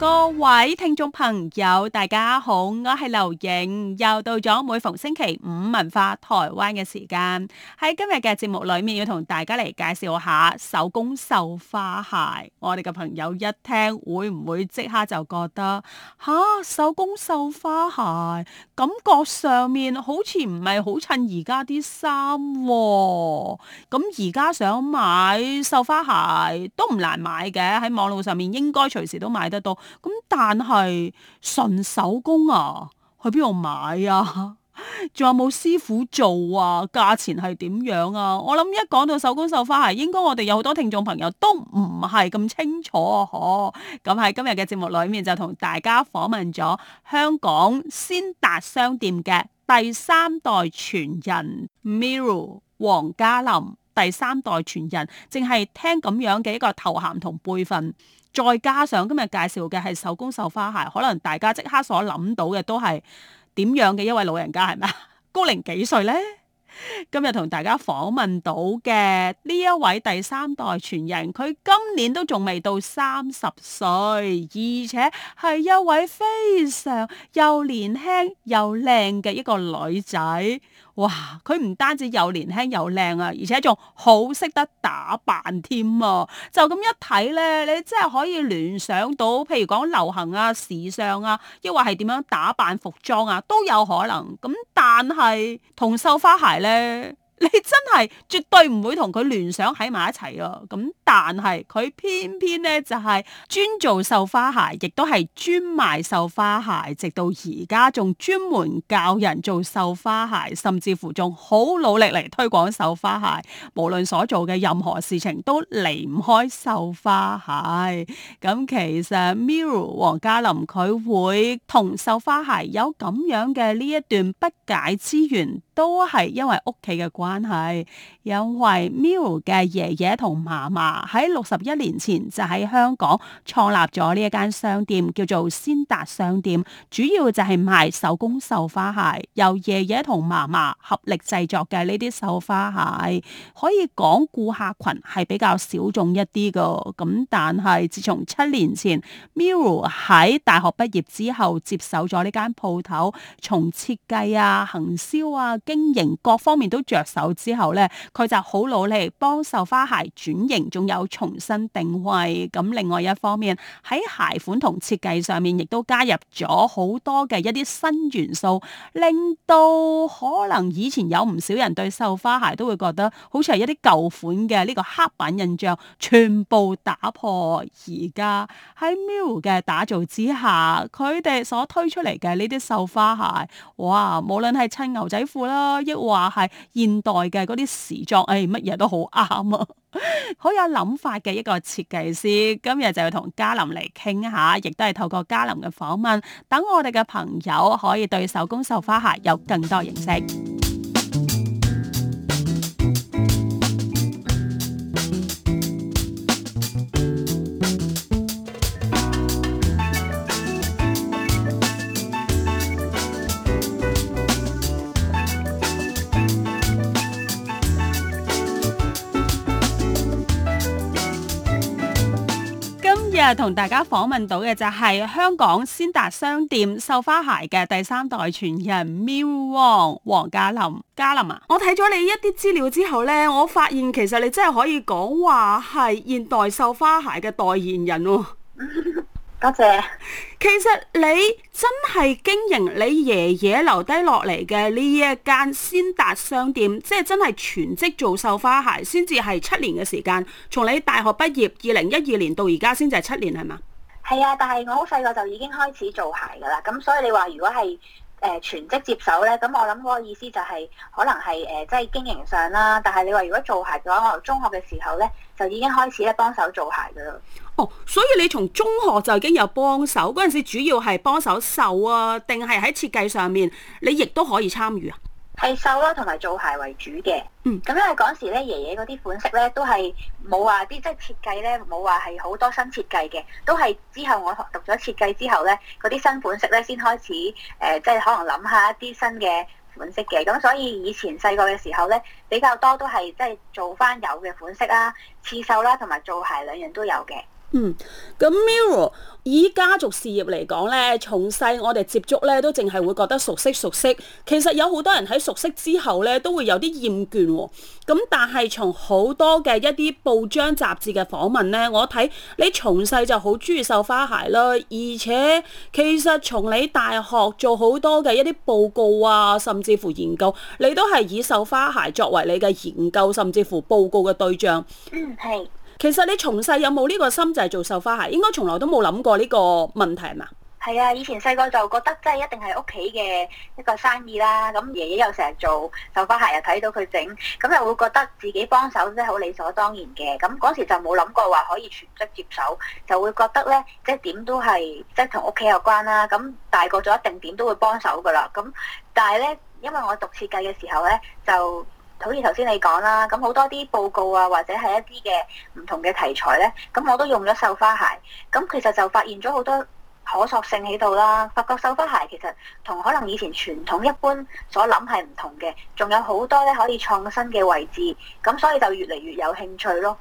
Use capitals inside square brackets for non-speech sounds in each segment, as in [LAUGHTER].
各位聽眾朋友，大家好，我係劉影，又到咗每逢星期五文化台灣嘅時間。喺今日嘅節目裏面，要同大家嚟介紹下手工繡花鞋。我哋嘅朋友一聽，會唔會即刻就覺得吓，手工繡花鞋，感覺上面好似唔係好襯而家啲衫。咁而家想買繡花鞋都唔難買嘅，喺網絡上面應該隨時都買得到。咁但係純手工啊，去邊度買啊？仲有冇師傅做啊？價錢係點樣啊？我諗一講到手工繡花鞋，應該我哋有好多聽眾朋友都唔係咁清楚嗬、啊。咁喺今日嘅節目裏面就同大家訪問咗香港先達商店嘅第三代傳人 Miru 王嘉琳，第三代傳人淨係聽咁樣嘅一個頭銜同輩份。再加上今日介紹嘅係手工繡花鞋，可能大家即刻所諗到嘅都係點樣嘅一位老人家係咪啊？高齡幾歲呢？今日同大家訪問到嘅呢一位第三代傳人，佢今年都仲未到三十歲，而且係一位非常又年輕又靚嘅一個女仔。哇！佢唔單止又年輕又靚啊，而且仲好識得打扮添啊！就咁一睇呢，你真係可以聯想到，譬如講流行啊、時尚啊，抑或係點樣打扮服裝啊，都有可能。咁但係同繡花鞋呢。你真係絕對唔會同佢聯想喺埋一齊啊。咁但係佢偏偏呢就係專做繡花鞋，亦都係專賣繡花鞋，直到而家仲專門教人做繡花鞋，甚至乎仲好努力嚟推廣繡花鞋。無論所做嘅任何事情都離唔開繡花鞋。咁其實 Miru 王嘉琳佢會同繡花鞋有咁樣嘅呢一段不解之緣。都係因為屋企嘅關係，因為 Miru 嘅爺爺同嫲嫲喺六十一年前就喺香港創立咗呢一間商店，叫做先達商店，主要就係賣手工繡花鞋，由爺爺同嫲嫲合力製作嘅呢啲繡花鞋，可以講顧客群係比較小眾一啲噶。咁但係自從七年前 Miru 喺大學畢業之後接手咗呢間鋪頭，從設計啊、行銷啊。經營各方面都着手之後咧，佢就好努力幫繡花鞋轉型，仲有重新定位。咁另外一方面喺鞋款同設計上面，亦都加入咗好多嘅一啲新元素，令到可能以前有唔少人對繡花鞋都會覺得好似係一啲舊款嘅呢個刻板印象，全部打破。而家喺 Miru 嘅打造之下，佢哋所推出嚟嘅呢啲繡花鞋，哇！無論係襯牛仔褲。亦話係現代嘅嗰啲時裝，誒、哎，乜嘢都好啱啊，好 [LAUGHS] 有諗法嘅一個設計師。今日就要同嘉琳嚟傾下，亦都係透過嘉琳嘅訪問，等我哋嘅朋友可以對手工繡花鞋有更多認識。同大家訪問到嘅就係香港先達商店繡花鞋嘅第三代傳人 Miru 王王嘉琳嘉琳啊！我睇咗你一啲資料之後呢，我發現其實你真係可以講話係現代繡花鞋嘅代言人，哦。 [LAUGHS] 多謝。其實你真係經營你爺爺留低落嚟嘅呢一間先達商店，即係真係全職做繡花鞋，先至係七年嘅時間。從你大學畢業二零一二年到而家，先至係七年，係嘛？係啊，但係我好細個就已經開始做鞋噶啦。咁所以你話如果係。誒、呃、全職接手咧，咁、嗯、我諗嗰個意思就係、是、可能係誒即係經營上啦。但係你話如果做鞋嘅話，我中學嘅時候咧就已經開始咧幫手做鞋㗎喇。哦，所以你從中學就已經有幫手，嗰陣時主要係幫手售啊，定係喺設計上面你亦都可以參與啊？係繡啦，同埋做鞋為主嘅。嗯，咁因為嗰時咧，爺爺嗰啲款式咧，都係冇話啲即係設計咧，冇話係好多新設計嘅，都係之後我學讀咗設計之後咧，嗰啲新款式咧先開始誒、呃，即係可能諗下一啲新嘅款式嘅。咁所以以前細個嘅時候咧，比較多都係即係做翻有嘅款式啦，刺繡啦，同埋做鞋兩樣都有嘅。嗯，咁 Miru 以家族事業嚟講呢，從細我哋接觸呢都淨係會覺得熟悉熟悉。其實有好多人喺熟悉之後呢都會有啲厭倦喎、哦。咁但係從好多嘅一啲報章雜誌嘅訪問呢，我睇你從細就好中意繡花鞋啦，而且其實從你大學做好多嘅一啲報告啊，甚至乎研究，你都係以繡花鞋作為你嘅研究甚至乎報告嘅對象。嗯，係。其實你從細有冇呢個心就係做繡花鞋？應該從來都冇諗過呢個問題嘛？係啊，以前細個就覺得即係一定係屋企嘅一個生意啦。咁爺爺又成日做繡花鞋又，又睇到佢整，咁又會覺得自己幫手真係好理所當然嘅。咁嗰時就冇諗過話可以全職接手，就會覺得呢，即係點都係即係同屋企有關啦。咁大個咗一定點都會幫手噶啦。咁但係呢，因為我讀設計嘅時候呢，就。好似頭先你講啦，咁好多啲報告啊，或者係一啲嘅唔同嘅題材呢，咁我都用咗繡花鞋，咁其實就發現咗好多可塑性喺度啦。發覺繡花鞋其實同可能以前傳統一般所諗係唔同嘅，仲有好多呢可以創新嘅位置，咁所以就越嚟越有興趣咯。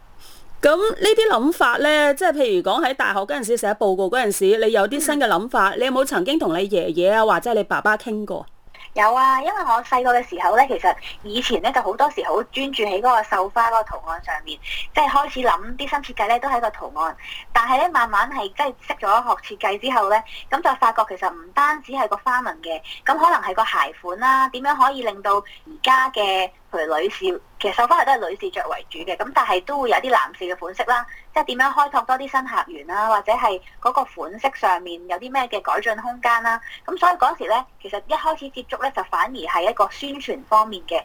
咁呢啲諗法呢，即係譬如講喺大學嗰陣時寫報告嗰陣時，你有啲新嘅諗法，嗯、你有冇曾經同你爺爺啊，或者你爸爸傾過？有啊，因為我細個嘅時候呢，其實以前呢就好多時好專注喺嗰個繡花嗰個圖案上面，即係開始諗啲新設計呢都係個圖案。但係呢，慢慢係即係識咗學設計之後呢，咁就發覺其實唔單止係個花紋嘅，咁可能係個鞋款啦、啊，點樣可以令到而家嘅佢女士。其實售翻嚟都係女士着為主嘅，咁但係都會有啲男士嘅款式啦，即係點樣開拓多啲新客源啦，或者係嗰個款式上面有啲咩嘅改進空間啦。咁所以嗰時呢，其實一開始接觸呢，就反而係一個宣傳方面嘅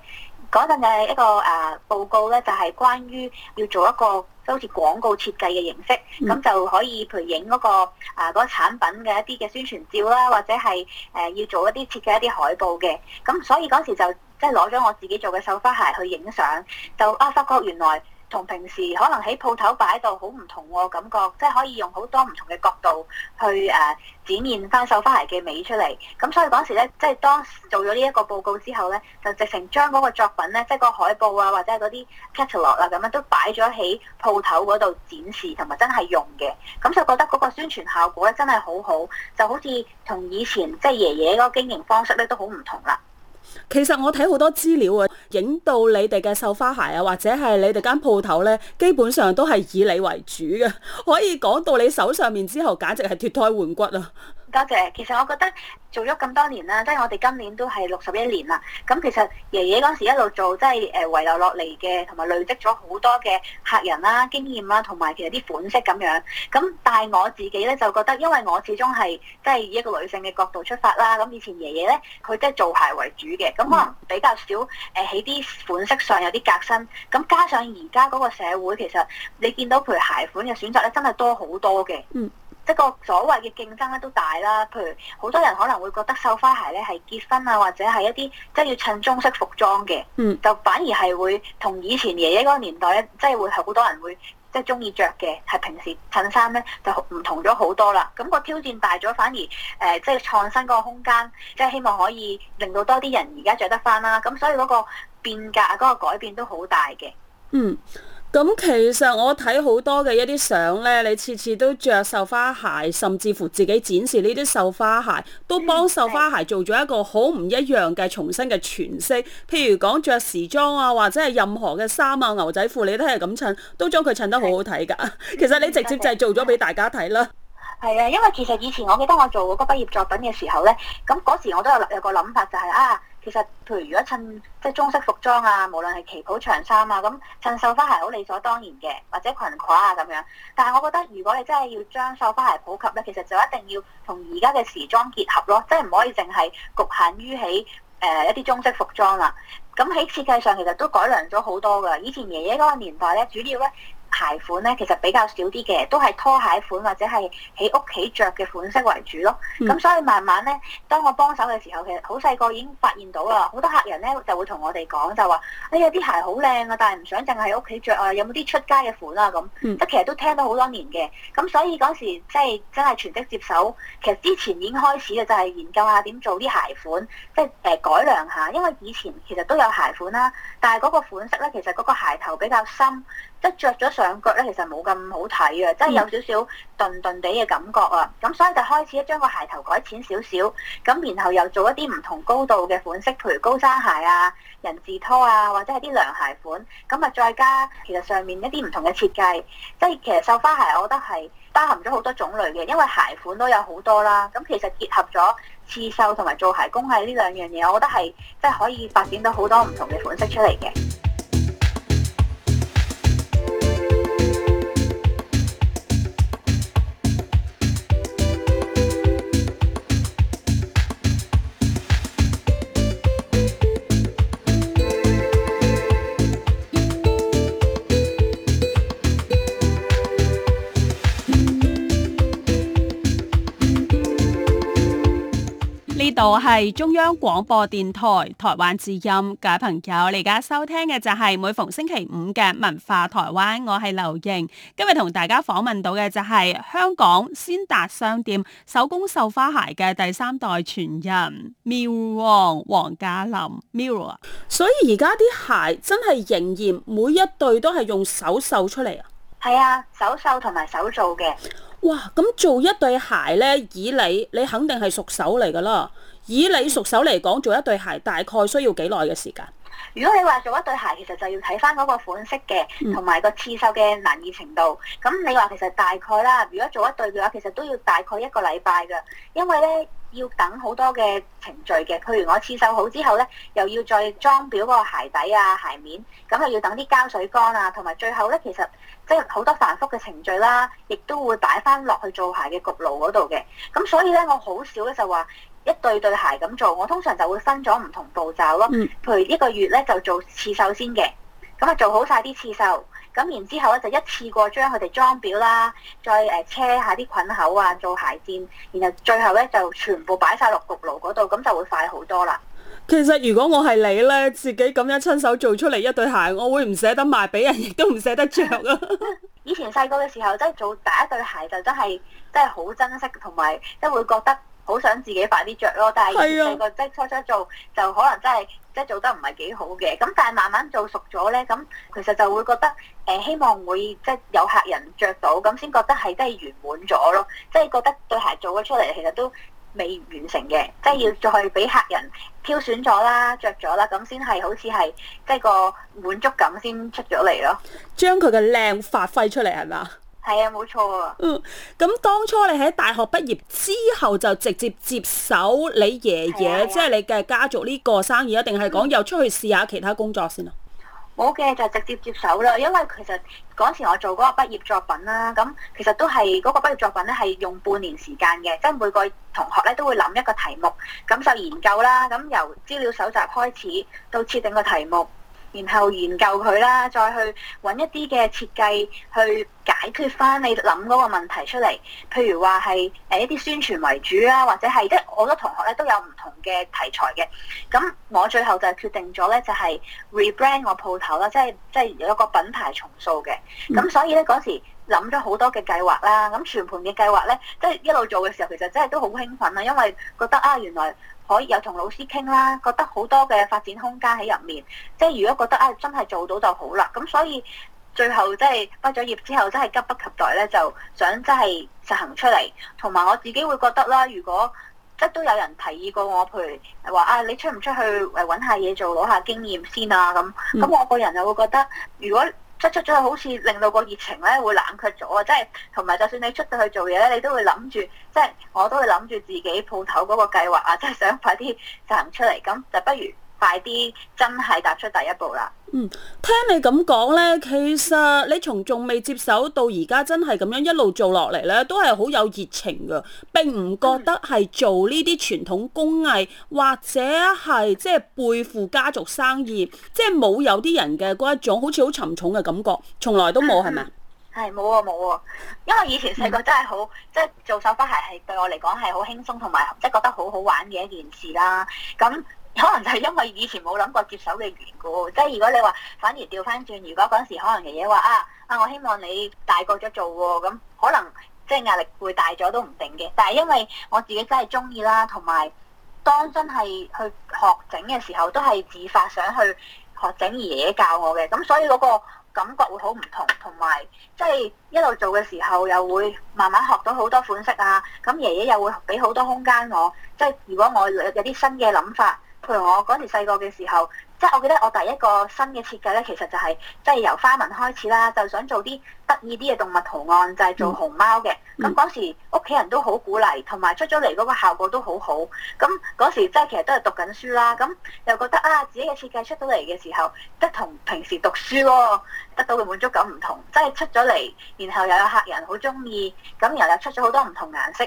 嗰陣嘅一個誒報告呢，就係關於要做一個。都好似廣告設計嘅形式，咁就可以培影嗰個啊、那個、產品嘅一啲嘅宣傳照啦，或者係誒、呃、要做一啲設計一啲海報嘅，咁所以嗰時就即係攞咗我自己做嘅繡花鞋去影相，就啊發覺原來。同平時可能喺鋪頭擺到好唔同喎，感覺即係可以用好多唔同嘅角度去誒展現翻繡花鞋嘅美出嚟。咁所以嗰時咧，即係當做咗呢一個報告之後咧，就直情將嗰個作品咧，即係個海報啊或者係嗰啲 catalog 啊咁樣都擺咗喺鋪頭嗰度展示同埋真係用嘅。咁就覺得嗰個宣傳效果咧真係好好，就好似同以前即係爺爺嗰個經營方式咧都好唔同啦。其實我睇好多資料啊，影到你哋嘅繡花鞋啊，或者係你哋間鋪頭呢，基本上都係以你為主嘅，可以講到你手上面之後，簡直係脫胎換骨啊！多謝。其實我覺得做咗咁多年啦，即係我哋今年都係六十一年啦。咁其實爺爺嗰時一路做，即係誒遺留落嚟嘅，同埋累積咗好多嘅客人啦、經驗啦，同埋其實啲款式咁樣。咁但係我自己咧就覺得，因為我始終係即係以一個女性嘅角度出發啦。咁以前爺爺咧，佢即係做鞋為主嘅，咁可能比較少誒喺啲款式上有啲革新。咁加上而家嗰個社會，其實你見到陪鞋款嘅選擇咧，真係多好多嘅。嗯。一個所謂嘅競爭咧都大啦，譬如好多人可能會覺得繡花鞋咧係結婚啊，或者係一啲即係要襯中式服裝嘅，就反而係會同以前爺爺嗰個年代咧，即係會係好多人會即係中意着嘅，係平時襯衫咧就唔同咗好多啦。咁個挑戰大咗，反而誒即係創新嗰個空間，即係希望可以令到多啲人而家着得返啦。咁所以嗰個變革嗰個改變都好大嘅。嗯。咁其實我睇好多嘅一啲相呢，你次次都着繡花鞋，甚至乎自己展示呢啲繡花鞋，都幫繡花鞋做咗一個好唔一樣嘅重新嘅詮釋。譬如講着時裝啊，或者係任何嘅衫啊、牛仔褲，你都係咁襯，都將佢襯得好好睇㗎。其實你直接就係做咗俾大家睇啦。係啊，因為其實以前我記得我做嗰個畢業作品嘅時候呢，咁嗰時我都有諗有個諗法就係、是、啊，其實譬如如果襯即係中式服裝啊，無論係旗袍、長衫啊，咁襯繡花鞋好理所當然嘅，或者裙褂啊咁樣。但係我覺得如果你真係要將繡花鞋普及呢，其實就一定要同而家嘅時裝結合咯，即係唔可以淨係局限於起誒、呃、一啲中式服裝啦。咁喺設計上其實都改良咗好多噶，以前爺爺嗰個年代呢，主要呢。鞋款咧，其實比較少啲嘅，都係拖鞋款或者係喺屋企着嘅款式為主咯。咁、嗯、所以慢慢咧，當我幫手嘅時候，其實好細個已經發現到啦。好多客人咧就會同我哋講，就話：哎呀，啲鞋好靚啊，但係唔想淨係喺屋企着啊，有冇啲出街嘅款啊？咁即係其實都聽到好多年嘅。咁所以嗰時即係真係全職接手，其實之前已經開始嘅就係、是、研究下點做啲鞋款，即係誒改良下。因為以前其實都有鞋款啦，但係嗰個款式咧，其實嗰個鞋頭比較深。一着咗上腳咧，其實冇咁好睇啊！即係、嗯、有少少頓頓地嘅感覺啊，咁所以就開始將個鞋頭改淺少少，咁然後又做一啲唔同高度嘅款式，譬如高踭鞋啊、人字拖啊，或者係啲涼鞋款，咁啊再加其實上面一啲唔同嘅設計，即係其實繡花鞋，我覺得係包含咗好多種類嘅，因為鞋款都有好多啦。咁其實結合咗刺繡同埋做鞋工藝呢兩樣嘢，我覺得係即係可以發展到好多唔同嘅款式出嚟嘅。呢度係中央廣播電台台灣之音各位朋友，你而家收聽嘅就係每逢星期五嘅文化台灣，我係劉盈，今日同大家訪問到嘅就係香港先達商店手工繡花鞋嘅第三代傳人 Miru 王王嘉琳 Miru 啊，Miru、所以而家啲鞋真係仍然每一對都係用手繡出嚟啊，係啊，手繡同埋手做嘅。哇，咁做一對鞋呢，以你你肯定係熟手嚟㗎啦。以你熟手嚟講，做一對鞋大概需要幾耐嘅時間？如果你話做一對鞋，其實就要睇翻嗰個款式嘅，同埋個刺繡嘅難易程度。咁你話其實大概啦，如果做一對嘅話，其實都要大概一個禮拜嘅，因為咧要等好多嘅程序嘅。譬如我刺繡好之後咧，又要再裝裱嗰個鞋底啊、鞋面，咁又要等啲膠水乾啊，同埋最後咧其實即係好多繁複嘅程序啦，亦都會擺翻落去做鞋嘅焗爐嗰度嘅。咁所以咧我好少咧就話，一對對鞋咁做，我通常就會分咗唔同步驟咯。嗯、譬如一個月咧就做刺繡先嘅，咁啊做好晒啲刺繡，咁然之後咧就一次過將佢哋裝裱啦，再誒車、呃、下啲菌口啊，做鞋墊，然後最後咧就全部擺晒落焗爐嗰度，咁就會快好多啦。其實如果我係你咧，自己咁樣親手做出嚟一對鞋，我會唔捨得賣俾人，亦都唔捨得着。啊！ [LAUGHS] 以前細個嘅時候，真、就、係、是、做第一對鞋就真係真係好珍惜，同埋即係會覺得。好想自己快啲着咯，但係細、啊、個即係初初做就可能真係即係做得唔係幾好嘅，咁但係慢慢做熟咗咧，咁其實就會覺得誒、呃、希望會即係有客人着到，咁先覺得係真係圓滿咗咯，即係覺得對鞋做咗出嚟其實都未完成嘅，即係要再去俾客人挑選咗啦、着咗啦，咁先係好似係即係個滿足感先出咗嚟咯，將佢嘅靚發揮出嚟係嘛？係啊，冇錯啊。嗯，咁當初你喺大學畢業之後就直接接手你爺爺，啊、即係你嘅家族呢個生意啊？定係講又出去試下其他工作先啊？冇嘅，就是、直接接手啦。因為其實嗰時我做嗰個畢業作品啦，咁其實都係嗰、嗰個畢業作品咧，係用半年時間嘅，即、就、係、是、每個同學咧都會諗一個題目，咁就研究啦。咁由資料搜集開始，到設定個題目，然後研究佢啦，再去搵一啲嘅設計去。解決翻你諗嗰個問題出嚟，譬如話係誒一啲宣傳為主啊，或者係即係好多同學咧都有唔同嘅題材嘅。咁我最後就決定咗咧，就係 rebrand 我鋪頭啦，即係即係有一個品牌重塑嘅。咁所以咧嗰時諗咗好多嘅計劃啦。咁全盤嘅計劃咧，即係一路做嘅時候，其實真係都好興奮啊，因為覺得啊，原來可以有同老師傾啦，覺得好多嘅發展空間喺入面。即係如果覺得啊，真係做到就好啦。咁所以。最後即係畢咗業之後，真係急不及待咧，就想真係實行出嚟。同埋我自己會覺得啦，如果即都有人提議過我，譬如話啊，你出唔出去誒揾下嘢做，攞下經驗先啊咁。咁我個人又會覺得，如果即出咗去，好似令到個熱情咧會冷卻咗啊！即係同埋，就算你出到去做嘢咧，你都會諗住，即係我都會諗住自己鋪頭嗰個計劃啊，即係想快啲實行出嚟。咁就不如。快啲，真係踏出第一步啦！嗯，聽你咁講呢，其實你從仲未接手到而家真係咁樣一路做落嚟呢，都係好有熱情噶並唔覺得係做呢啲傳統工藝或者係即係背負家族生意，即係冇有啲人嘅嗰一種好似好沉重嘅感覺，從來都冇係咪？係冇、嗯、冇啊冇啊，因為以前細個真係好，即係、嗯、做繡花鞋係對我嚟講係好輕鬆同埋即係覺得好好玩嘅一件事啦。咁可能就係因為以前冇諗過接手嘅緣故，即係如果你話反而調翻轉，如果嗰時可能爺爺話啊啊，我希望你大個咗做喎，咁可能即係壓力會大咗都唔定嘅。但係因為我自己真係中意啦，同埋當真係去學整嘅時候，都係自發想去學整爺爺教我嘅，咁所以嗰個感覺會好唔同，同埋即係一路做嘅時候又會慢慢學到好多款式啊。咁爺爺又會俾好多空間我，即係如果我有啲新嘅諗法。譬如我嗰時細個嘅時候，即係我記得我第一個新嘅設計呢，其實就係即係由花紋開始啦，就想做啲得意啲嘅動物圖案，就係、是、做熊貓嘅。咁嗰時屋企人都好鼓勵，同埋出咗嚟嗰個效果都好好。咁嗰時即係其實都係讀緊書啦，咁又覺得啊，自己嘅設計出咗嚟嘅時候，即同平時讀書、啊、得到嘅滿足感唔同，即、就、係、是、出咗嚟，然後又有客人好中意，咁然後又出咗好多唔同顏色，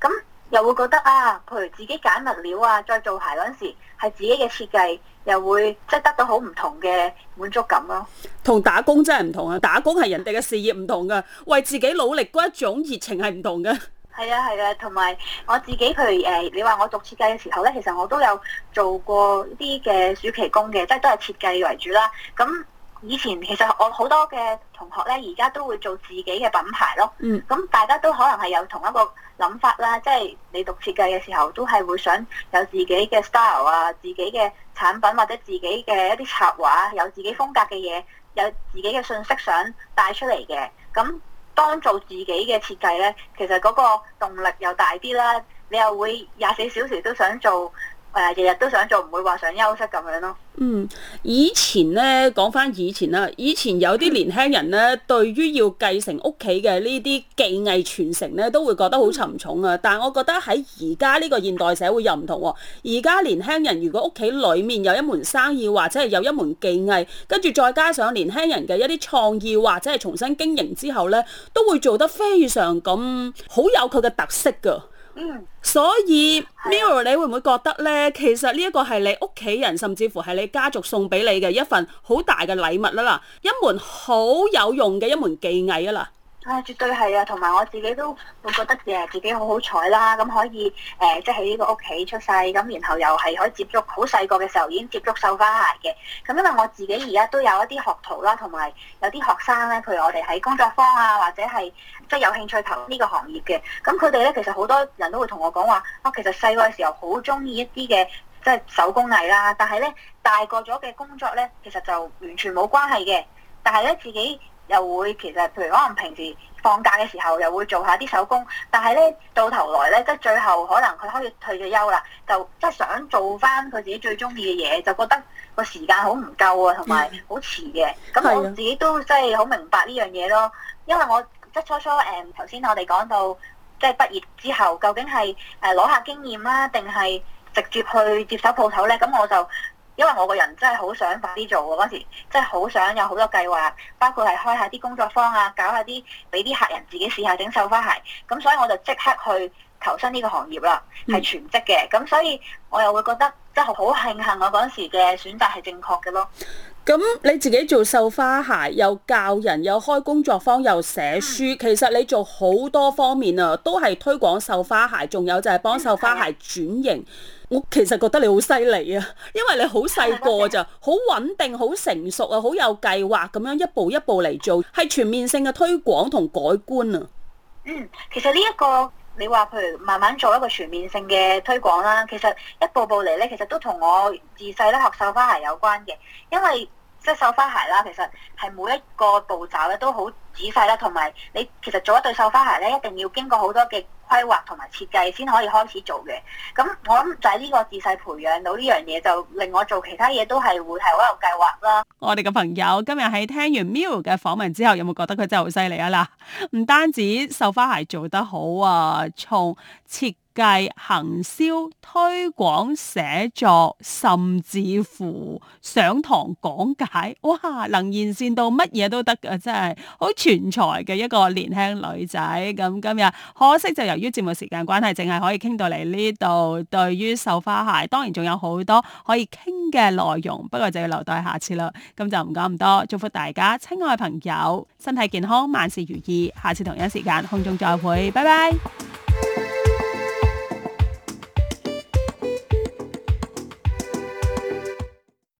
咁。又會覺得啊，譬如自己揀物料啊，再做鞋嗰陣時，係自己嘅設計，又會即係、就是、得到好唔同嘅滿足感咯、啊。同打工真係唔同啊！打工係人哋嘅事業唔同噶，為自己努力嗰一種熱情係唔同嘅。係啊係啊，同埋、啊、我自己去誒，譬如你話我讀設計嘅時候咧，其實我都有做過啲嘅暑期工嘅，即係都係設計為主啦。咁、嗯。以前其實我好多嘅同學呢，而家都會做自己嘅品牌咯。嗯，咁大家都可能係有同一個諗法啦，即係你讀設計嘅時候都係會想有自己嘅 style 啊，自己嘅產品或者自己嘅一啲插畫，有自己風格嘅嘢，有自己嘅信息想帶出嚟嘅。咁當做自己嘅設計呢，其實嗰個動力又大啲啦，你又會廿四小時都想做。日日都想做，唔會話想休息咁樣咯。嗯，以前呢，講返以前啦，以前有啲年輕人呢，對於要繼承屋企嘅呢啲技藝傳承呢，都會覺得好沉重啊。但係我覺得喺而家呢個現代社會又唔同喎啊。而家年輕人如果屋企裡面有一門生意或者係有一門技藝，跟住再加上年輕人嘅一啲創意或者係重新經營之後呢，都會做得非常咁好，有佢嘅特色㗎。嗯，所以，Miru，你會唔會覺得咧？其實呢一個係你屋企人，甚至乎係你家族送俾你嘅一份好大嘅禮物啦嗱，一門好有用嘅一門技藝啊啦。啊，絕對係啊，同埋我自己都會覺得誒自己好好彩啦，咁可以誒即喺呢個屋企出世，咁然後又係可以接觸，好細個嘅時候已經接觸繡花鞋嘅。咁因為我自己而家都有一啲學徒啦，同埋有啲學生咧，譬如我哋喺工作坊啊，或者係即有興趣投入呢個行業嘅。咁佢哋咧其實好多人都會同我講話，啊、哦、其實細個嘅時候好中意一啲嘅即手工藝啦，但係咧大個咗嘅工作咧，其實就完全冇關係嘅。但係咧自己，又會其實，譬如可能平時放假嘅時候，又會做下啲手工。但係呢，到頭來呢，即係最後可能佢可以退咗休啦，就即係想做翻佢自己最中意嘅嘢，就覺得個時間好唔夠啊，同埋好遲嘅。咁、嗯、我自己都即係好明白呢樣嘢咯。是的 因為我即係初初誒頭先我哋講到，即係畢業之後究竟係攞下經驗啦，定係直接去接手鋪頭呢？咁我就。因為我個人真係好想快啲做喎，嗰時真係好想有好多計劃，包括係開下啲工作坊啊，搞下啲俾啲客人自己試下整繡花鞋。咁所以我就即刻去投身呢個行業啦，係全職嘅。咁所以我又會覺得真係好慶幸我嗰時嘅選擇係正確嘅咯。咁你自己做繡花鞋，又教人，又開工作坊，又寫書，嗯，其實你做好多方面啊，都係推廣繡花鞋，仲有就係幫繡花鞋轉型。我其實覺得你好犀利啊，因為你好細個咋，好穩定，好成熟啊，好有計劃咁樣一步一步嚟做，係全面性嘅推廣同改觀啊。嗯，其實呢、這、一個你話，譬如慢慢做一個全面性嘅推廣啦，其實一步步嚟呢，其實都同我自細咧學繡花鞋有關嘅，因為即係繡花鞋啦，其實係每一個步驟咧都好仔細啦，同埋你其實做一對繡花鞋呢，一定要經過好多嘅。規劃同埋設計先可以開始做嘅，咁我諗就係呢個自細培養到呢樣嘢，就令我做其他嘢都係會係好有計劃啦。我哋嘅朋友今日喺聽完 Miu 嘅訪問之後，有冇覺得佢真係好犀利啊？嗱，唔單止繡花鞋做得好啊，從設。計行銷推廣，寫作，甚至乎上堂講解，哇！能延線到乜嘢都得㗎，真係好全才嘅一個年輕女仔。咁今日可惜就由於節目時間關係，淨係可以傾到嚟呢度。對於繡花鞋，當然仲有好多可以傾嘅內容，不過就要留待下次啦。咁就唔講咁多，祝福大家親愛嘅朋友身體健康，萬事如意。下次同一時間空中再會，拜拜。